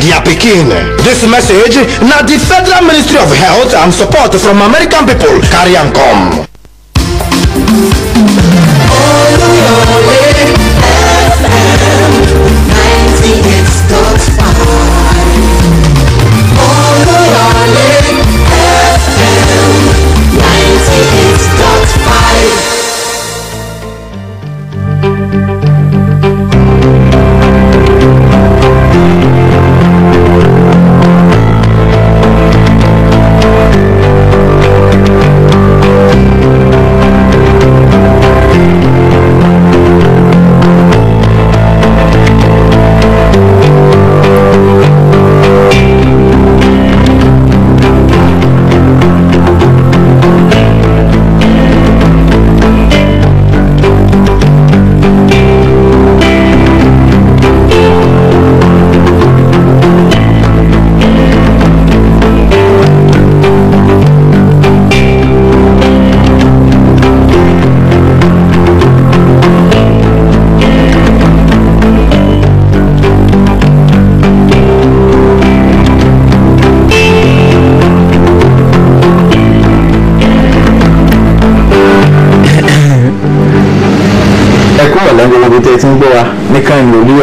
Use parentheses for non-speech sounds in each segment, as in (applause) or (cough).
Pekin. This message, now the Federal Ministry of Health and support from American people carry and come.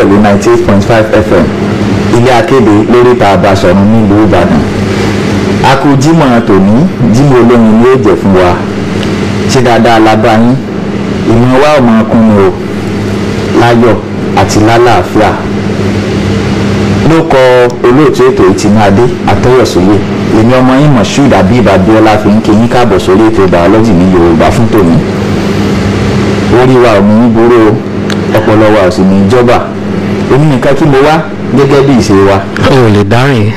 pẹ̀lú ninety eight point five fm ilé akéde lóríta Abáṣọ̀run nílùú Ìbàdàn a kú jímọ̀ tòní jímọ̀ olóyin ni yóò jẹ́ fún wa ṣé dáadáa la bá yín ìmọ̀ wa ò máa kún ni o láyọ̀ àti lálàáfíà ló kọ olóòtú ètò ìtinú adé àtọyọsóyè èmi ọmọ yín moshood abib abiola fi ń kíyín káàbọ̀ sórí ètò bàọ́lọ́jì ní yorùbá fún tòní orí wa ò ní í gbóró ọpọlọ wa ò sì ní í jọba èmi nìkan kí mo wá gẹ́gẹ́ bí ìṣe wa. o lè dárìn.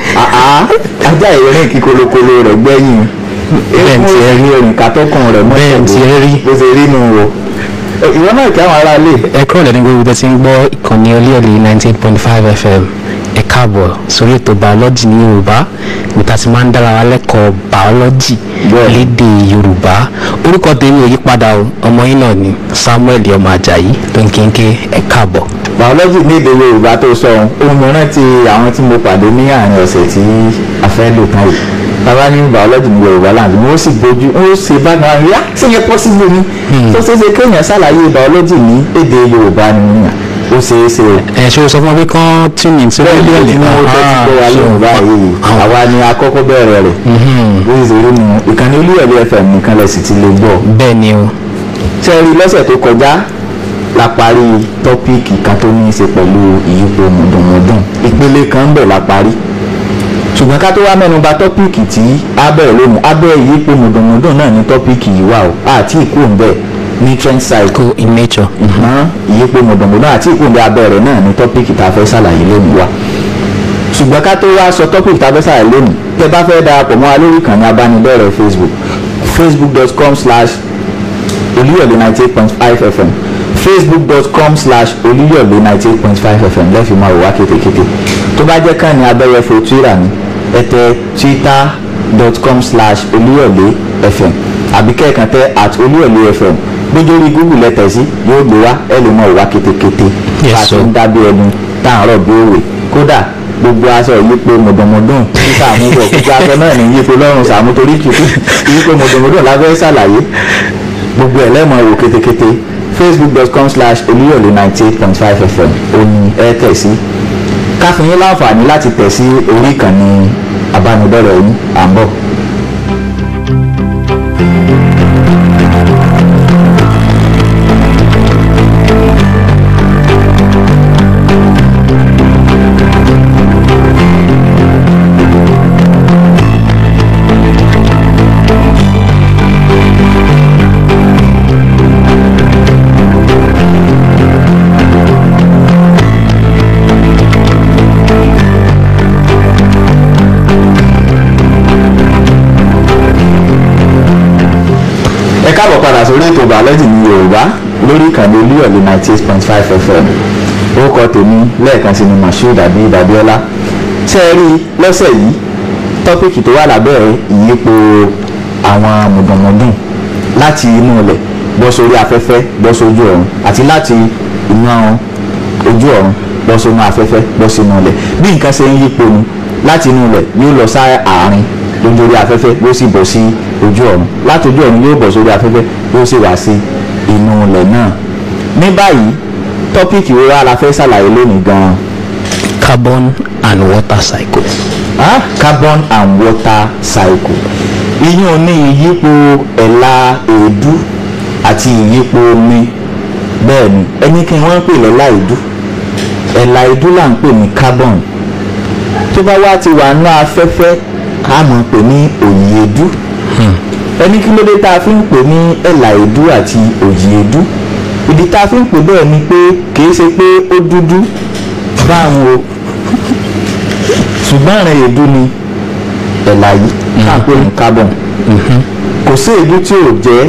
ajá ìrìn kíkolokolo rẹ̀ gbẹ́yìn ewu ẹ̀rí ẹnìkan tó kàn rẹ̀ mọ́ ìṣòro bó ṣe rí nù wọ ìwọ náà kí àwọn ará lè. ẹ kúrò lẹ́nu gbogbo tó ń gbọ́ ìkànnì olóòlì nineteen point five fm ẹ káàbọ̀ sórí ètò bàọ́lọ́jì ní yorùbá níta ti máa ń dára wa lẹ́kọ̀ọ́ bàọ́lọ́jì lédè yorùbá orúkọ tèmi ò yí padà ọmọ yín náà ni samuel ọmọ ajayi tó ń kéńké ẹ káàbọ̀ biology ní èdè yorùbá tó sọ ohun mo rántí àwọn tí mo pàdé ní àárín ọ̀sẹ̀ tí a fẹ́ lò tán yìí bàbá ní biology ní yorùbá láàbí wọn ó sì gbójú wọn ó ṣe bá náà yá sí yẹn possible ni hmm. tó ṣeé ṣe kéèyàn ṣàlàyé biology ní èdè yorùbá nìyẹn ó ṣeé ṣe. ẹ ṣe o sọ fún wa pé kán tí mi ti rí bẹ́ẹ̀ lè náà ah so àwa ni àkọ́kọ́ bẹ̀rẹ̀ rẹ̀ lórí ìṣòro mu ìkànnì olúyọ̀lé fm nìkan lẹ̀ sì ti lè gbọ́. bẹ́ẹ̀ ni o. ṣe é rí lọ́sẹ̀ tó kọjá la parí tọ́píìkì kan tó ní í ṣe pẹ̀lú ìyípo mọ̀dùnmọ̀dùn ìpele kan bẹ̀ la parí ṣùgbọ́n ká tó wá mẹ́nu bà tọ́píìkì tí abẹ́ lónìí abẹ́ ìyípo mọ̀dùnmọ̀dùn náà ní tọ́píìkì yìí wà o àti ìkó ń bẹ̀ nutrient cycle in nature. ìyípo mọ̀dùnmọ̀dùn àti ìkó ń bẹ̀ abẹ́ rẹ̀ náà ní tọ́píìkì tá a fẹ́ ṣàlàyé lónìí wa ṣùgbọ́n ká tó wá sọ tọ́píìkì tá a fẹ́ ṣàlàyé lónìí tẹ́ bá fẹ́ darapọ̀ mọ́ wa lórí ìkànnì abánidọ́rẹ̀ẹ́ facebook facebook.com slash olúyọ̀lẹ̀ ninety eight point five fm facebook.com slash olúyọ̀lé ninety eight point five fm lẹ́fì máa wà kétékété tó bá jẹ́ kàn ní abẹ́yẹfò twitter ni ẹ twitter.com slash olúyọ̀lé fm àbí kẹ́ẹ̀kan tẹ at olúyọ̀lé fm gbójú orí google ẹ tẹ̀ sí yóò gbé wá ẹ lè máa wà kétékété láti ń dábí ẹnu tá à ń rọ̀ bí òwe kódà gbogbo aṣọ ìyípo mọ̀dọ̀mọ̀dún tí sàmú wọ̀ gbogbo aṣọ náà ní yípo lọ́rùn sàmú torí kìkì ìyípo mọ̀dọ̀mọ̀dún lábẹ́ ṣàlàyé gbogbo ẹ̀ lẹ́mọ̀ wò kétékété facebook.com slash olúyọ̀lé ninety eight point five fm òní ẹ tẹ̀ sí ká fún yín láǹfààní láti tẹ̀ sí orí ìkànnì abánidọ́rẹ̀ẹ́ yín à ẹ káàbọ̀ padà sórí ètò bàọ́lọ́jì ní yorùbá lórí ìkànnì olúyọ̀lé ninety eight point five fm orúkọ tèmi lẹ́ẹ̀kan sí ni mashood abid abiola ṣe é rí lọ́sẹ̀ yìí tọ́pìkì tó wà lábẹ́ ìyípo àwọn mùdùnmùdùn láti inú ilẹ̀ bọ́ sórí afẹ́fẹ́ bọ́ sójú ọ̀run àti láti iná ojú ọ̀run bọ́ sónú afẹ́fẹ́ bọ́ sínú ilẹ̀ bí nǹkan ṣe ń yípo ni láti inú ilẹ̀ yóò lọ sáà àárín lójórí afẹ́fẹ́ yóò sì bọ̀ sí ojú ọ̀run láti ojú ọ̀run yóò bọ̀ sórí afẹ́fẹ́ yóò sì wá sí inú ilẹ̀ náà ní báyìí tọ́píìkì wo wá fẹ́ ṣàlàyé lónìí gan-an. carbon and water cycle. ah carbon and water cycle iyún ní ìyípo ẹ̀la èédú àti ìyípo omi bẹ́ẹ̀ ni ẹnikẹ́ni wọ́n ń pè lẹ́la èédú ẹ̀la èédú là ń pè ní carbon tó bá wá ti wà ní afẹ́fẹ́ a máa pè ní òyì edú hmm. ẹni kí ló dé tá a fi ń pè ní ẹ̀là edú àti òyì edú ìdí tá a fi ń pè bẹ́ẹ̀ ni pé kì í ṣe pé ó dúdú báwọn o ṣùgbọ́n àrùn èédú ni ẹ̀là yìí tá à ń pè ní hmm. carbon hmm. kò sí èédú tí ò jẹ́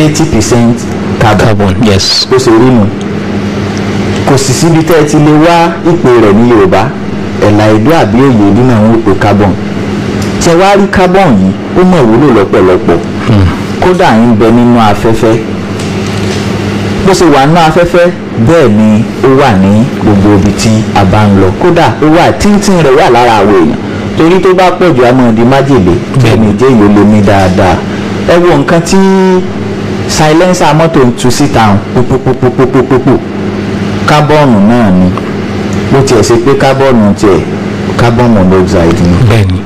eighty percent carbon yes bó ṣe rí nu kò sì síbi tẹ́ ẹ ti lè wá ìpè rẹ̀ ní Yorùbá ẹ̀là èédú àbí òyì èédú náà ń pè carbon ṣe wá rí carbon yìí ó mọ̀ ìwúlò lọ́pọ̀lọpọ̀ hmm. kódà ń bẹ nínú afẹ́fẹ́ bó ṣe wà nínú afẹ́fẹ́ bẹ́ẹ̀ ni ó wà ní gbogbo ibi tí a bá ń lọ kódà ó wà tíntín rẹ̀ wà lára àwọn èèyàn torí tó bá pọ̀jù a máa di májèlé bẹ́ẹ̀ni jẹ́ ìyó lè mí dáadáa ẹ wo nǹkan tí silencer mọ́tò ń tu síta pópópópópópópó kábọ́ọ̀nù náà ni bó tiẹ̀ ṣe pé kábọ́ọ̀nù tiẹ̀ carbon monoxide ni. bẹ́ẹ̀ni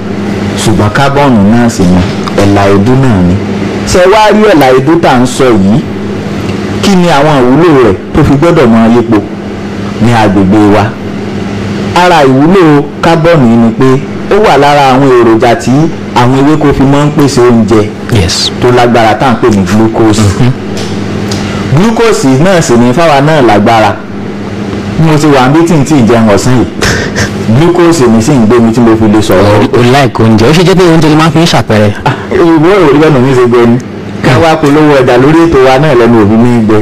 ṣùgbọ́n kábọ̀nù náà sì ni ẹ̀là èédú náà ni ṣé wàá rí ẹ̀là èédú tá à ń sọ yìí kí ni àwọn ìwúlò rẹ̀ tó fi gbọ́dọ̀ mọ ayépo ní agbègbè wa ara ìwúlò kábọ̀nù ni pé ó wà lára àwọn èròjà tí àwọn ewéko fi máa ń pèsè oúnjẹ tó lágbára tá à ń pè ní glucose mm-hmm. glucose náà sì ní fáwa náà lágbára mo ti wà ń bí tí n tí jẹun ọ̀sán yìí glucose mi sì ń gbé mi tí mo fi lè sọ̀rọ̀. o láìkó oúnjẹ ó ṣe jẹ́ pé oúnjẹ ló máa ń fi ń ṣàpẹrẹ. Ah, ìwé ìròyìn bẹ́ẹ̀ mi ṣe gbẹ ni ká wá polówó ọjà lórí ètò wa náà lẹ́nu òbí mi gbẹ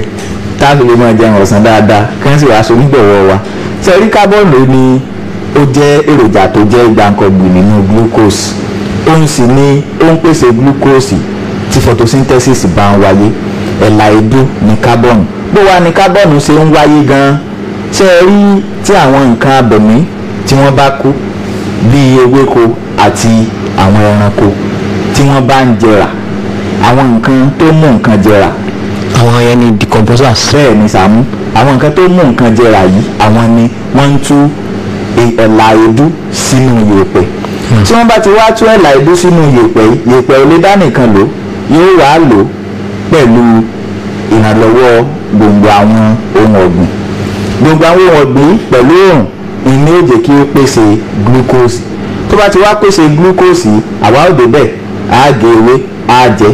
tá a fi lè máa jẹun ọ̀sán dáadáa kí wọ́n sì wá sonígbọ̀wọ́ wa. sẹ́rí kábọ́ọ̀nù ni ó jẹ́ èròjà tó jẹ́ ìgbàǹkangbì nínú glucose òun sì ni ó ń pèsè glucose tí photosynthesis bá ń wáyé ẹ̀là èédú ni kábọ́ọ̀nù bó wá ni kábọ́ọ̀nù ṣe ń wáyé gan-an ṣe é rí tí àwọn nǹkan abẹ̀mí tí wọ́n bá kú bíi ewéko àti àwọn ẹranko tí wọ́n bá ń jẹrà àwọn nǹkan tó mú nǹkan jẹrà. àwọn yẹn ni decomposers. bẹ́ẹ̀ ni Sàámú àwọn nǹkan tó mú nǹkan jẹrà yìí àwọn ni wọ́n ń tú ẹ̀là èédú sínú yèèpẹ̀ hmm. tí wọ́n bá ti wá tú ẹ̀là èédú sínú yèèpẹ̀ yèèpẹ̀ ò lè yóò wá lò pẹ̀lú ìrànlọ́wọ́ gbòǹgbò àwọn ohun ọ̀gbìn gbòǹgbò àwọn ohun ọ̀gbìn pẹ̀lú òrùn ìní ó jẹ́ kí ó pèsè glucose tó bá ti wá pèsè glucose àwa ò débẹ̀ á gé ewé á jẹ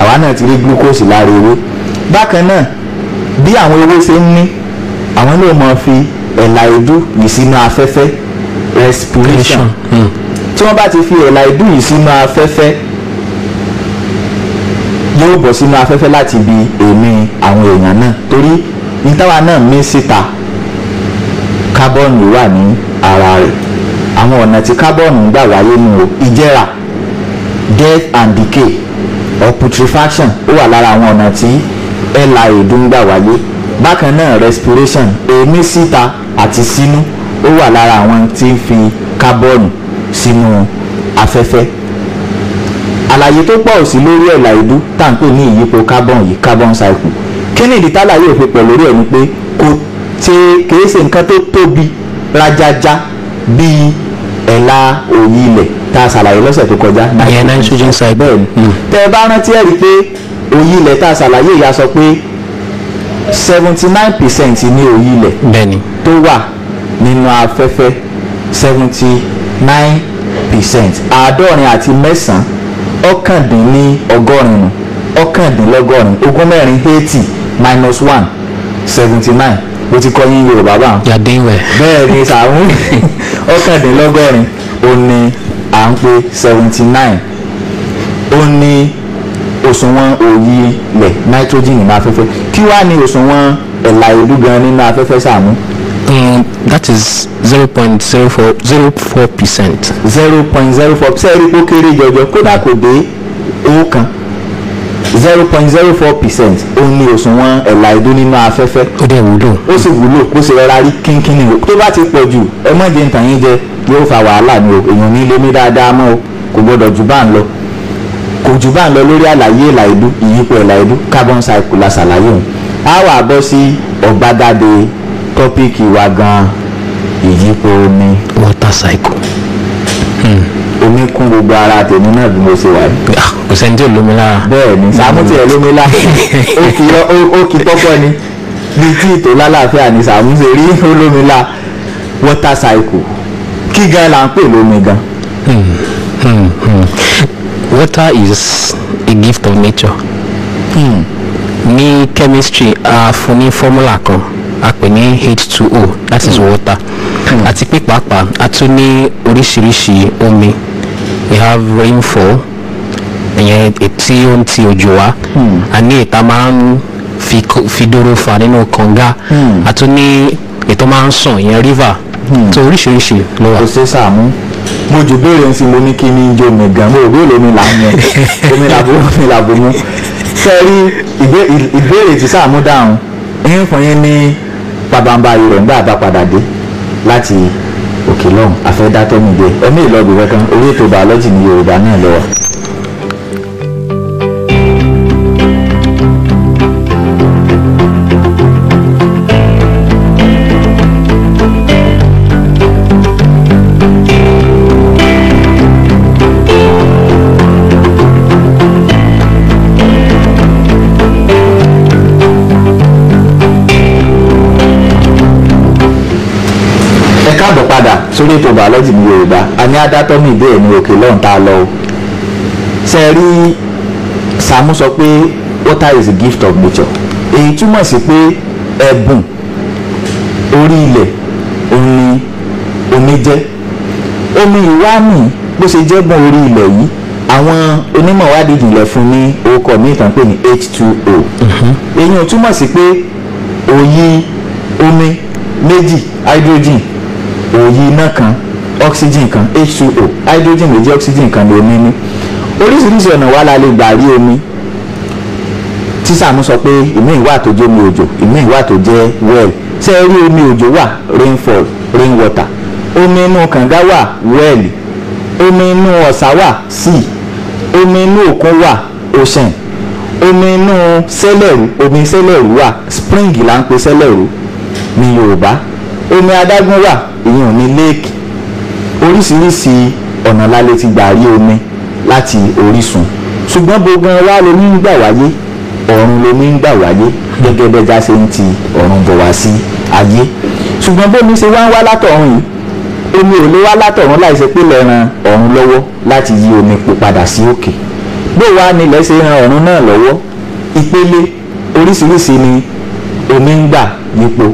àwa náà ti rí glucose lára ewé bákan náà bí àwọn ewé ṣe ń ní àwọn náà máa fi ẹ̀là ìdú yìí sínú afẹ́fẹ́ respiration hmm. tí wọ́n bá ti fi ẹ̀là ìdú yìí sínú afẹ́fẹ́ yóò bọ̀ sínú afẹ́fẹ́ láti ibi èémí àwọn èèyàn náà torí ní táwa náà mí síta Carbon wà ní ara rẹ̀ àwọn ọ̀nà tí kábọ́ọ̀nù ń gbà wáyé nù o ìjẹ́ra death and decay or putrefaction ó wà lára àwọn ọ̀nà tí ẹ̀la èédú ń gbà wáyé bákan náà respiration èémí síta àti sínú ó wà lára àwọn tí ń fi kábọ́ọ̀nù sínú afẹ́fẹ́ àlàyé tó pọ̀ sí lórí ẹ̀la èédú tá ní ìyípo carbon yìí carbon cycle kí ni ìdí tálàyé òfin pẹ̀ lórí ẹ̀ ni pé kò ṣe kìí ṣe nǹkan tó tóbi rájájá bíi ẹ̀la òyìn ilẹ̀ tá a ṣàlàyé lọ́sẹ̀ tó kọjá. àyẹ̀ nitrogen side. bẹ́ẹ̀ ni tẹ́ ẹ bá rántí ẹ̀rí pé òyìn ilẹ̀ tá a ṣàlàyé ìyá sọ pé seventy nine percent ní òyìn ilẹ̀ bẹ́ẹ̀ni tó wà nínú afẹ́fẹ́ seventy nine percent àádọ́rin àti mẹ́sàn-án ọ̀kàndínní ọgọ́rin ọ̀kàndínlọ́gọ́rin ogún mẹ́rin eighty minus one seventy nine mo ti kọ́ yín yorùbá bá wọn. yàdínwẹ̀. bẹ́ẹ̀ ni sàmú (laughs) ọ̀kàndínlọ́gọ́rin ó ní à ń pè seventy nine ó ní òṣùwọ̀n òòyì ilẹ̀ nitrogen nínú afẹ́fẹ́ kí wàá ní òṣùwọ̀n ẹ̀là ìlú gan nínú afẹ́fẹ́ sàmú. Mm, that is zero point zero four zero four percent. zero point zero four percent ẹ̀rí pé jọjọ kódà kò dé owó kan zero point zero four percent òun ni òṣùwọ̀n ẹ̀là ìdó nínú afẹ́fẹ́. ó dẹ̀ wúlò. ó sì wúlò kó sì rọra rí kínkínní o tó bá ti pọ̀ jù ẹ mọ̀ jẹ́ ntàn yín jẹ yóò fa wàhálà ni o èèyàn ní ilé mi dáadáa mọ́ o kò gbọ́dọ̀ jù bá ń lọ kò jù bá ń lọ lórí àlàyé ẹ̀là ìdó ìyípo ẹ̀là ìdó carbon cycle la ṣàlàyé òun á wà bọ́ sí ọ̀gbágádé tọ́píìkì wa gan ìyípo omi. water cycle omi kún gbogbo ara tèmi náà bí mo ṣe wà yìí. Ah, kò sẹ́ni tí ò lómi lára. bẹ́ẹ̀ ni Sàámú tiẹ̀ lómi lára ó kí tọ́pọ̀ ni bíi tí ìtò lálàáfíà ni Sàámú ṣe rí olómi la water cycle kí gan la ń pè lómi gan. Hmm, hmm, hmm. water is a gift of nature. Hmm. ní chemistry a fún ní formula kan a pè ní H2O that is water àti pé pàápàá a tún ní oríṣiríṣi omi we have rainfall ìyẹn tí ó ń ti òjò wá hmm. a ní ìta máa ń fi dóró fa nínú kànga hmm. a tún ní ètò máa ń sàn ìyẹn river tó hmm. oríṣiríṣi ló wà. kò ṣe sàmú mo jù béèrè ń sin mo ní kí ní jó mi gan mo ò béèrè omi là ń yẹn (laughs) omi làbò omi làbò mú sẹ́rí ìbéèrè tí sàmú dáhùn ẹ̀yìn fún yín ní pàbàǹbà yorùbá àbá padà dé láti òkè lọ́hùn afẹ́dátẹ́mùgbé ẹ̀mí ìlọgbẹ̀rẹ̀ kan orí ètò bàọ́lọ́jì ní Yorùbá náà lọ́wọ́. káàbọ̀ padà sórí ètò biology ní yorùbá a ní adátọ́mì bẹ́ẹ̀ ní òkè lọ́hùn tá a lọ o ṣe rí Sàámú sọ pé water is a gift of nature èyí túmọ̀ sí pé ẹ̀bùn orí ilẹ̀ òun omi jẹ́ omi ìwámi bó ṣe jẹ́bùn orí ilẹ̀ yìí àwọn onímọ̀ wádìí jùlọ fún ní orúkọ mi ìtàn pé ní H2O mhm. èyí ò túmọ̀ sí pé òyì omi méjì hydrogen òòyì iná kan oxygen kan H2O hydrogen méjì oxygen kan ni omi ní oríṣiríṣi ọ̀nà wà la lè gbà rí omi tí Sàámú sọ pé ìmí ìwà tó jẹ́ omi òjò ìmí ìwà tó jẹ́ well ṣé ẹ rí omi òjò wà rainfall rainwater, water omi inú kànga wà well omi inú ọ̀sà wà sea omi inú òkun wà ocean omi inú sẹ́lẹ̀rú omi sẹ́lẹ̀rú wà spring là ń pè sẹ́lẹ̀rú ní Yorùbá omi adágún wà ìyẹn ò ní léèkì oríṣiríṣi ọ̀nà la lè ti gbà rí omi láti orísun ṣùgbọ́n gbogbo wa ló ní gbà wáyé ọ̀run ló ní gbà wáyé gẹ́gẹ́ bẹ́ẹ̀ jáse ń ti ọ̀run bọ̀ wá sí ayé ṣùgbọ́n bómi ṣe wá ń wá látọ̀run yìí omi ò lè wá látọ̀run láìsí pé lẹ́ran ọ̀run lọ́wọ́ láti yí omi padà sí òkè bó wá nílẹ̀ ṣe ran ọ̀run náà lọ́wọ́ ìpele oríṣiríṣi ni omi ń gbà yípo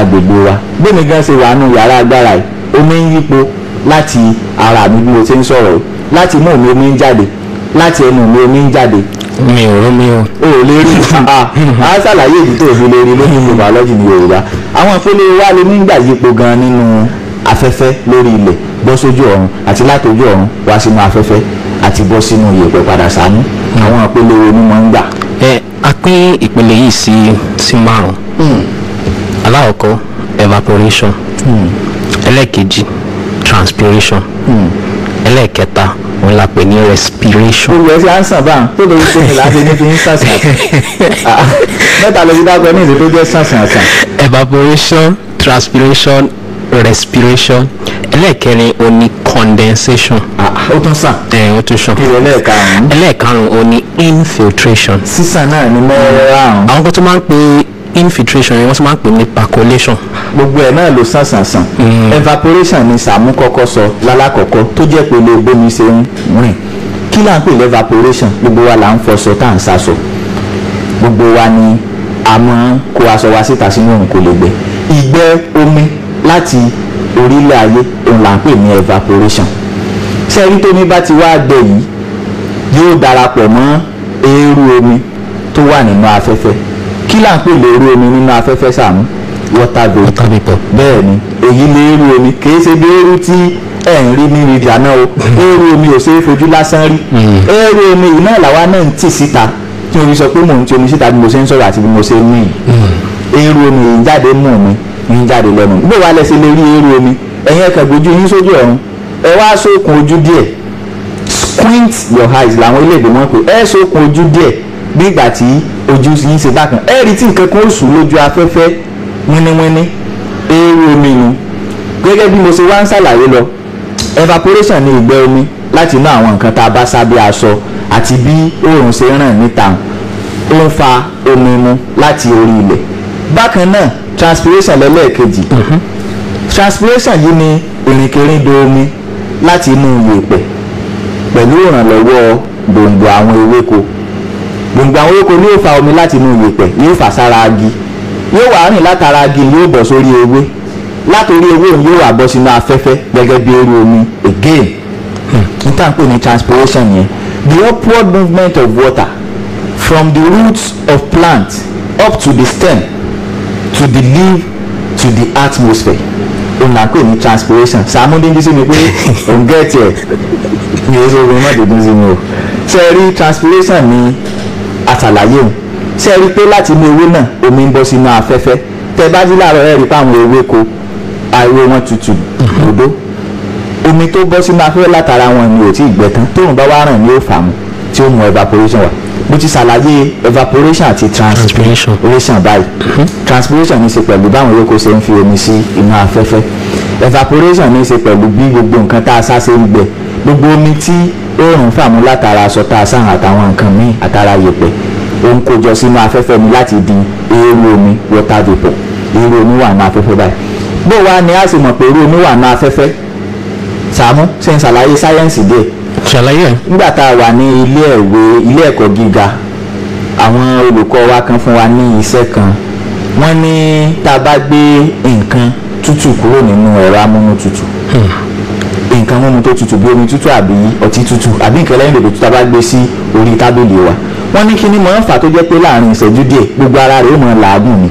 agbègbè wa gbẹ̀mí gan ṣe wà nù yàrá agbára yìí omi ń yípo láti ara mi bí mo ṣe ń sọ̀rọ̀ láti mú mi omi ń jáde láti ẹnu mi omi ń jáde mi ò mi ò. o ò lè rí (laughs) ah, a ṣàlàyé ìdí tó fi lè rí lórí mobalogy ní yorùbá àwọn ìpele wa lè nígbà yípo gan nínú afẹ́fẹ́ lórí ilẹ̀ bọ́ sójú ọ̀run àti látojú ọ̀run wá sínú afẹ́fẹ́ àti bọ́ sínú yẹ̀pẹ̀ padà sánú àwọn ìpele wo ni wọ́n ń gbà. ẹ a pín ìpele yìí sí sí márùn-ún hmm alákọ̀ọ́kọ́ evaporation hmm. ẹlẹ́ẹ̀kejì transpiration hmm. ẹlẹ́ẹ̀kẹta òun la pè ní respiration. gbogbo ẹ ti à ń sàn báà tó lórí tó ní láti ní fi ń sàṣà (laughs) mẹ́ta lórí dágbọ́ ní ìdí tó jẹ́ evaporation transpiration respiration ẹlẹ́ẹ̀kẹrin o ní condensation. Ah, ó tún sàn. ẹ ó tún sàn. ìwé ẹlẹ́ẹ̀karùn-ún. ẹlẹ́ẹ̀karùn-ún o ní infiltration. sísàn náà ni mẹ́rẹ̀ẹ́rẹ́ àrùn. àwọn kan tó máa ń pè é infiltration yẹn wọ́n sì máa ń pè ní percolation. gbogbo ẹ̀ náà ló sàn sàn sàn evaporation ni Sàámú kọ́kọ́ sọ lálákọ̀ọ́kọ́ tó jẹ́ pé lè bómi ṣe ń rìn kí là ń pè ní evaporation gbogbo wa là ń fọṣọ tá à ń sasọ gbogbo wa ni a máa ń kó aṣọ wa síta sínú òun kò lè gbẹ ìgbẹ́ omi láti orílẹ̀ ayé òun là ń pè ní evaporation sẹ́rí tómi bá ti wá gbẹ yìí yóò darapọ̀ mọ́ eérú omi tó wà nínú afẹ́fẹ́ kí là ń pè lóru omi nínú afẹ́fẹ́ sàmú water vapor bẹ́ẹ̀ ni èyí lè eru omi kìí ṣe bí eru tí ẹ̀ ń rí nínú ìjà náà o (laughs) eru omi ò ṣe é fojú lásán rí hmm. eru omi yìí náà làwa náà ń tì síta tí mo fi sọ pé mò ń ti omi síta bí mo ṣe ń sọ̀rọ̀ àti bí mo ṣe ń rìn hmm. eru omi yìí ń jáde mú mi ń jáde lẹ́nu gbé wa lẹ́sẹ̀ lè rí eru omi ẹ̀yin ẹ̀kẹ́ gbójú yín sójú ọ̀run ẹ wá sókun ojú díẹ̀ squint your eyes làwọn ilé ìgbìmọ̀ pé ẹ sókun ojú díẹ̀ bí ìgbà tí ojú yìí ṣe bákan ẹ rí tí nǹkan kan ó sùn lójú afẹ́fẹ́ wíníwíní eérú omi nu gẹ́gẹ́ bí mo ṣe wá ń ṣàlàyé lọ evaporation ni ìgbẹ́ omi láti inú àwọn nǹkan tá a bá sábẹ́ aṣọ àti bí oòrùn ṣe ràn níta ó ń fa omi mu láti orí ilẹ̀ bákan náà transpiration lẹ́lẹ́ẹ̀kejì mhm. transpiration yìí ni ìrìnkèrindò omi láti inú yèèpẹ̀ pẹ̀lú ìrànlọ́wọ́ gbòǹgbò àwọn ewéko gbòǹgbò àwọn ewéko ni yóò fa omi láti inú ìyẹ̀pẹ̀ yóò fà sára agi yóò wá rìn látara agi yóò bọ̀ sórí ewé látòrí ewé òun yóò wá bọ́ sínú afẹ́fẹ́ gẹ́gẹ́ bí eérú omi again hmm, n tàn pé ní transpiration yẹn the upward movement of water from the roots of plant up to the stem to the leaf to the atmosphere òun là ń pè ní transpiration sàmúndínjú sí mi pé òun gẹ̀ẹ́tì ẹ̀ mi ò sọ orin má dé dún sí mi o ṣe transpiration ni àṣàlàyé òun ṣe rí i pé láti inú ewé náà omi ń bọ́ sínú afẹ́fẹ́ tẹ́ bá jí láàárọ̀ ẹ̀ rí i pé àwọn ewéko ariwo wọn tutù òdó omi tó bọ́ sínú afẹ́fẹ́ látara wọn ni ò tí ì gbẹ tán tóun bá wá ràn ní ó fà mú tí ó mú evaporation wá mo ti ṣàlàyé evaporation àti transpiration báyìí mm-hmm. transpiration ní í ṣe pẹ̀lú báwọn ewéko ṣe ń fi omi sí inú afẹ́fẹ́ evaporation ní í ṣe pẹ̀lú bí gbogbo nǹkan tá a sá ṣe ń gbẹ gbogbo omi tí oòrùn fàmú látara aṣọ tá a sáhàn àtàwọn nǹkan míì àtara yẹ̀pẹ̀ ó ń kójọ sínú afẹ́fẹ́ mi láti di eérú omi water vapour eérú omi wà ní afẹ́fẹ́ báyìí bó wa ni a sì mọ̀ pé eérú omi wà ní afẹ́fẹ́ Sàámú ṣe ń ṣàlàyé sáyẹ́ǹsì díẹ̀ ṣàlàyé nígbà tá a wà ní ilé ẹ̀wé ilé ẹ̀kọ́ gíga àwọn olùkọ́ wa kan fún wa ní iṣẹ́ kan wọ́n ní tá a bá gbé nǹkan tútù kúrò nínú ẹ̀rọ amúnútutù. Hmm nǹkan mímu tó tutù bí omi tútù àbí ọtí tútù àbí nǹkan lẹ́yìn lòdò tá a sí orí tábìlì wa wọ́n ní kí ni mọ̀ ń fà tó jẹ́ pé láàrin ìṣẹ́jú díẹ̀ gbogbo ara rẹ̀ ó mọ̀ làágùn ni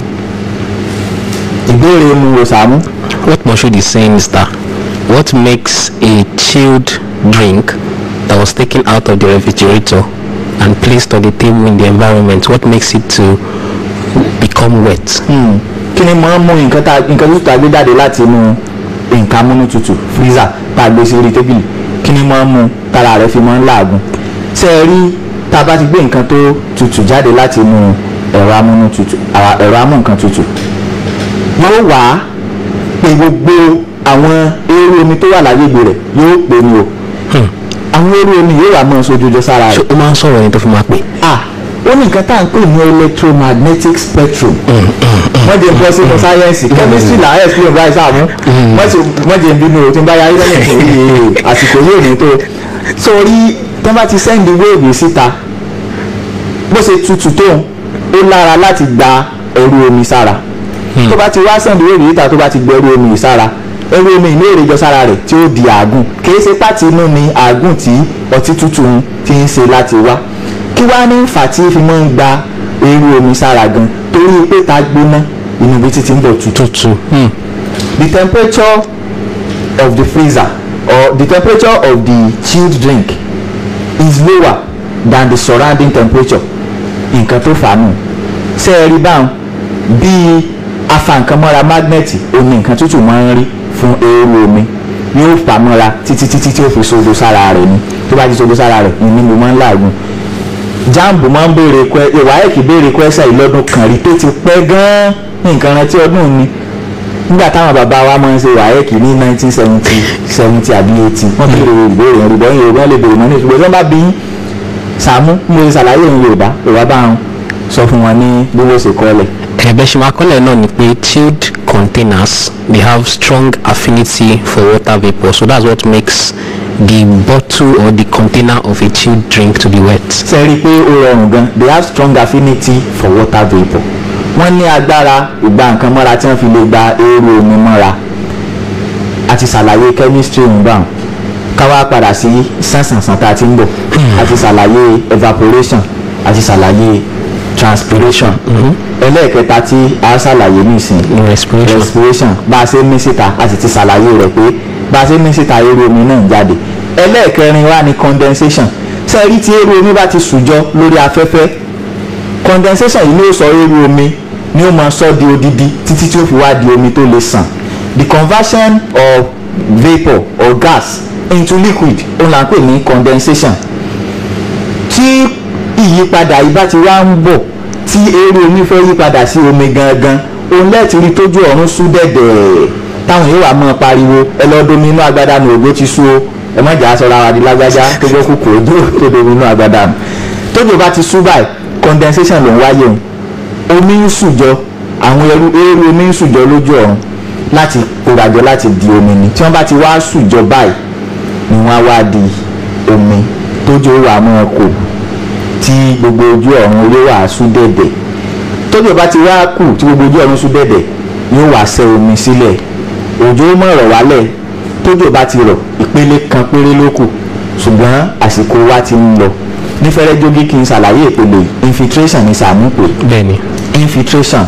ìbéèrè mu wò what must you be saying mister what makes a chilled drink that was taken out of the refrigerator and placed on the table in the environment what makes it to become wet. Hmm. kí ni mọ̀ ń mú nǹkan tó tàgbé jáde láti inú nǹkan amúnútutù freezer tá a gbé sí orí tébìlì kí ni máa ń mu tára rẹ̀ fi máa ń làágùn ṣé ẹ rí tá a bá ti gbé nǹkan tó tutù jáde láti inú ẹ̀rọ amúnútutù ẹ̀rọ amúnkan tutù yóò wá pé gbogbo àwọn eérú omi tó wà lágbègbè rẹ̀ yóò pè ní o hmm. àwọn eérú omi yóò wá máa sojú jọ sára rẹ̀. ṣé o máa ń sọ̀rọ̀ yẹn tó fi máa pè. ah ó ní nǹkan tá à ń pè ní electromagnetic spectrum mm, mm, mm. wọ́n jẹ́ bọ́ sínú sáyẹ́ǹsì chemistry là á explain báyìí sáàmú wọ́n jẹ́ bínú o tí ń bá yáyé lẹ́yìn tó yé àsìkò yóò ní tó sórí tí wọ́n bá ti send wave síta bó ṣe tutù tó ó lára láti gba ẹrú omi sára hmm. tó bá ti wá send wave síta tó bá ti gba ẹrú omi sára ẹrú omi ìlú èrè jọ sára rẹ̀ tí ó di àágùn kì í ṣe pàtì inú ni àágùn tí ọtí tútù ti ń ṣe láti wá kí wá ní fàtí fi máa ń gba eérú omi sára gan torí pé ta gbóná inú ibi títí ń bọ̀ tutù. Hmm. the temperature of the freezer or the temperature of the chilled drink is lower than the surrounding temperature nǹkan tó fà á nù ṣe é rí báwọn bíi afankanmọ́ra mágnẹ́ẹ̀tì omi nǹkan tútù máa ń rí fún eérú omi yóò fà mọ́ra títí títí tí ó fi sodo sára rẹ̀ ni tó bá ti sodo sára rẹ̀ ni mo máa ń làágùn jambu máa ń béèrè kwe ìwáyẹ̀kì béèrè kwẹ́sà ìlọ́dún kan rí tó ti pẹ́ gan-an nǹkan rántí ọdún ni nígbà táwọn bàbá wa máa ń ṣe wáyẹ̀kì ní nineteen seventy seventy àbí eighty wọ́n béèrè ìbéèrè yẹn rúbọ̀ yẹn lè béèrè mọ́ ní ìṣùgbọ́n tó bá bí sàmú mo ṣe ṣàlàyé òun yorùbá yorùbá bá ń sọ fún wọn ní bí wọ́n ṣe kọ́lẹ̀. ẹ̀bẹ̀ ṣe máa kọ́lẹ̀ náà ni pé chilled containers they have strong affinity for water vapour so that's what makes the bottle or the container of a chilled drink to be wet. ṣe pé ó rọrùn gan they have strong affinity for water vapour wọ́n ní agbára ìgbà nǹkan mọ́ra tí wọ́n fi lè gba eérú omi mọ́ra àti ṣàlàyé chemistry ń bá wọn ká wá padà sí sánsánsán tá a ti ń bọ̀ àti ṣàlàyé evaporation àti ṣàlàyé transpiration mm-hmm. ẹlẹ́ẹ̀kẹta tí a ṣàlàyé nísìnyí respiration bá a ṣe ń mí síta a sì ti ṣàlàyé rẹ̀ pé gbàṣẹ́ ní síta eré omi náà jáde ẹlẹ́ẹ̀kẹrin wá ní condensation sẹ́ẹ̀rí tí eré omi bá ti sùjọ lórí afẹ́fẹ́ condensation yìí ni ó sọ eré omi ni ó máa sọ di odidi títí tí ó fi wá di omi tó lè sàn the conversion of vapour or gas into liquid òun là ń pè ní condensation tí ìyípadà yìí bá ti wá ń bọ̀ tí eré omi fẹ́ yípadà sí omi gangan òun lẹ́ẹ̀tì rí tójú ọ̀run sú dẹ̀dẹ̀ẹ̀ táwọn yóò wá mọ́ pariwo ẹ lọ́ọ́ domi inú agbádá ní ògbó ti sú o ẹ má jà sọ́ra wa di lágbájá tó jẹ́ kókò ojú tó domi inú agbádá nù tójò bá ti sú báyìí condensation ló ń wáyé o omi ń sùjọ àwọn ẹrú eérú omi ń sùjọ lójú ọ̀run láti kórajọ láti di omi ni tí wọ́n bá ti wá sùjọ báyìí ni wọ́n wá di omi tójò wà mọ́ ọkọ̀ tí gbogbo ojú ọ̀run orí wà á sún dẹ̀dẹ̀ tójò bá ti wá kù tí gbogbo ojú ọ̀run sún dẹ̀dẹ̀ yóò wá sẹ omi sílẹ̀ òjò mọ̀ rọ̀ wálẹ̀ tójò bá ti rọ̀ ìpele kan péré ló kù ṣùgbọ́n àsìkò wa ti ń lọ ní fẹ́rẹ́ kí n ṣàlàyé ìpele infiltration ni sàmú pé bẹ́ẹ̀ni infiltration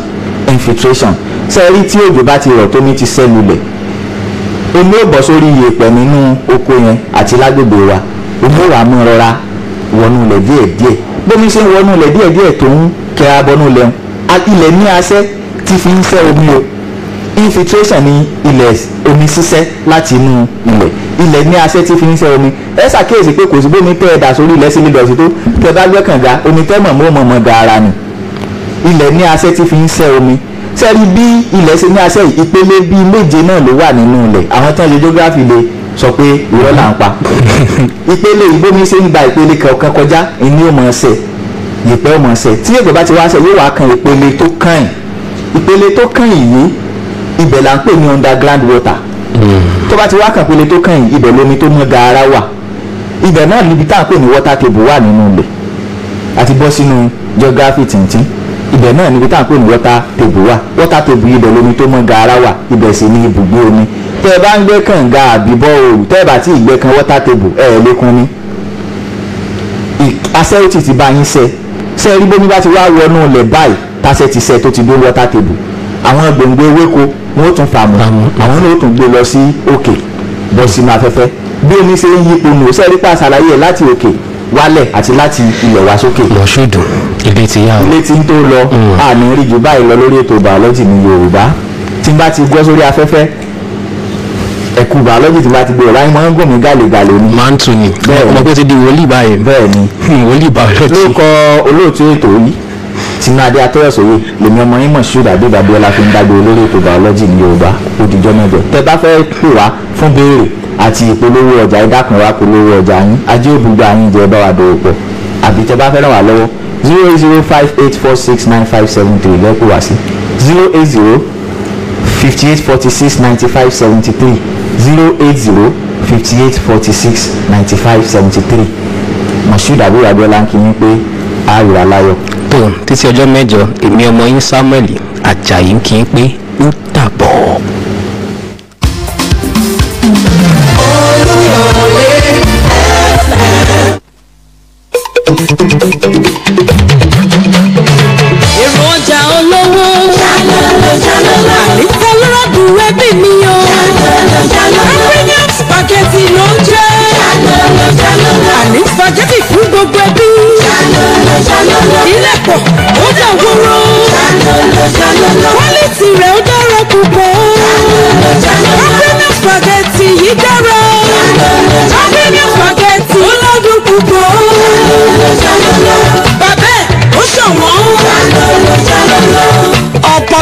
infiltration sẹ́ẹ̀rí tí òjò bá ti rọ̀ tómi ti sẹ́ lulẹ̀ omi ò bọ́ sórí iyẹ̀pẹ̀ nínú oko yẹn àti lágbègbè wa omi ò wà mú rọra wọnú ilẹ̀ díẹ̀díẹ̀ bómi ṣe ń wọnú ilẹ̀ díẹ̀díẹ̀ tó ń kẹ́ra bọnú ilẹ̀ ilẹ̀ ní asẹ́ ti fi ń fẹ́ omi o infiltration ni ilẹ̀ omi ṣíṣẹ́ láti inú ilẹ̀ ilẹ̀ ní aṣẹ́ tí fi ń ṣe omi ẹ ṣàkíyèsí pé kò sí bómi tẹ́ ẹ dà sórí ilẹ̀ sí lílọ sí tó tẹ́ bá gbẹ́ kànga omi tẹ́ mọ̀ mọ́ mọ̀ gàrà ni ilẹ̀ ní aṣẹ́ tí fi ń ṣe omi sẹ́rí bí ilẹ̀ ṣe ní aṣẹ́ ìpele bíi méje náà ló wà nínú ilẹ̀ àwọn tí wọ́n ṣe geography lè sọ pé irọ́ là ń pa (laughs) ìpele ìbomi ṣe ń gba ìpele kọ̀ọ̀kan kọjá ìní ò mọ̀ ṣe yèpẹ́ ò mọ̀ ṣe tí yèpẹ́ ti wá ṣe yóò wá kan ìpele tó kàn ìpele tó kàn yìí ibẹ̀ là ń pè ní underground water tó bá ti wá kàn pele tó kàn yìí ibẹ̀ lomi tó mọ́ gaara wà ibẹ̀ náà níbi tá à pè ní water table wà nínú ilẹ̀ àti bọ́ sínú geography tìǹtìǹ ibẹ̀ náà níbi tá à pè ní water table wà water table ibẹ̀ lomi tó mọ́ gaara wà ibẹ̀ sì ni ibùgbé omi tẹ́ ẹ bá ń gbé kànga àbíbọ̀ òòrù tẹ́ ẹ bá ti ìgbẹ́ kan water table ẹ̀ ẹ̀ lékún ní asẹ́wó ti ti bá yín sẹ́ sẹ́ẹ̀rí bómi bá ti wá wọnú ilẹ̀ báyìí tásẹ̀ ti sẹ́ tó ti dó water table àwọn gbòǹgbò ewéko wọn ó tún fà mọ́ àwọn náà ó tún gbé lọ sí òkè bọ́ sínú afẹ́fẹ́ bí omi ṣe ń yípo nù sẹ́ẹ̀rí pa àṣàlàyé ẹ̀ láti òkè wálẹ̀ àti láti ilẹ̀ wá sókè. lọ́sọ̀dọ̀ ilé ti yá o. ilé ti ń tó lọ àmì mm. rí jù báyìí lọ lórí ètò bàọ́lọ́jì ní Yorùbá tí n bá ti gbọ́ sórí afẹ́fẹ́ ẹ̀kú bàọ́lọ́jì tí n bá ti gbọ́ láyé máa ń gùn mí gàlégàlé ni. máa ń tuni mo pé ti di wòlíì báyìí. bẹ́ẹ̀ ni (laughs) wòlíì bàọ́lọ́jì. ló olóòtú ètò yìí Tinúadé Atọ́yọ̀sóyè lèmi ọmọ yín Moshood Abib Abíọ́lá fi ń dágbé olórí ètò biology ní Yorùbá odùjọ́ mẹ́jọ tẹ́ bá fẹ́ pè wá fún béèrè àti ìpolówó ọjà ìdákan wa polówó ọjà yín ajé òbúgbà yín jẹ́ bá wa dòwò àbí tẹ́ bá fẹ́ ràn wá lọ́wọ́ zero eight zero five eight four six nine five seven three lẹ́kùn wá sí zero eight zero fifty eight forty six ninety five seventy three zero eight zero fifty eight forty six ninety five seventy three Moshood Abib Abíọ́lá ń kí yín pé àrùrà láyọ̀. tó títí ọjọ́ mẹ́jọ èmi ọmọ yín Samuel Ajayi kì í pé ó dàbọ̀. Olúyọ̀lé Baby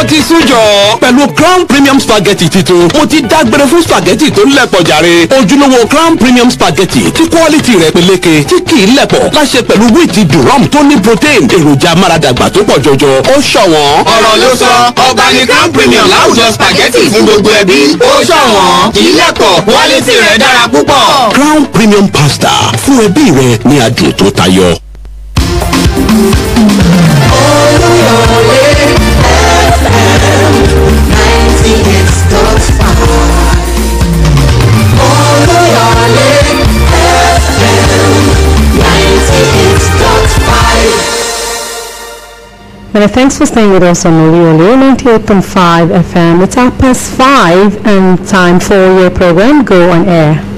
ti sún jọ. pẹ̀lú crown premium spaghetti titun mo ti dágbére fún spaghetti tó lẹ̀pọ̀ jàre. ojúlówó crown premium spaghetti tí quality rẹ̀ peléke tí kì í lẹ̀pọ̀ láṣẹ pẹ̀lú wíìtì durum tó ní protein èròjà amáradàgbà tó pọ̀ jọjọ. ó ṣọ̀wọ́n. ọ̀rọ̀ ló sọ ọba ní crown premium láwùjọ spaghetti fún gbogbo ẹbí. ó ṣọ̀wọ́n kì í lẹ̀pọ̀ quality rẹ̀ dára púpọ̀. crown premium pasta fún ẹbí rẹ ní adùn tó tayọ. thanks for staying with us on Oliole 98.5 FM. It's half past five and time for your program Go on Air.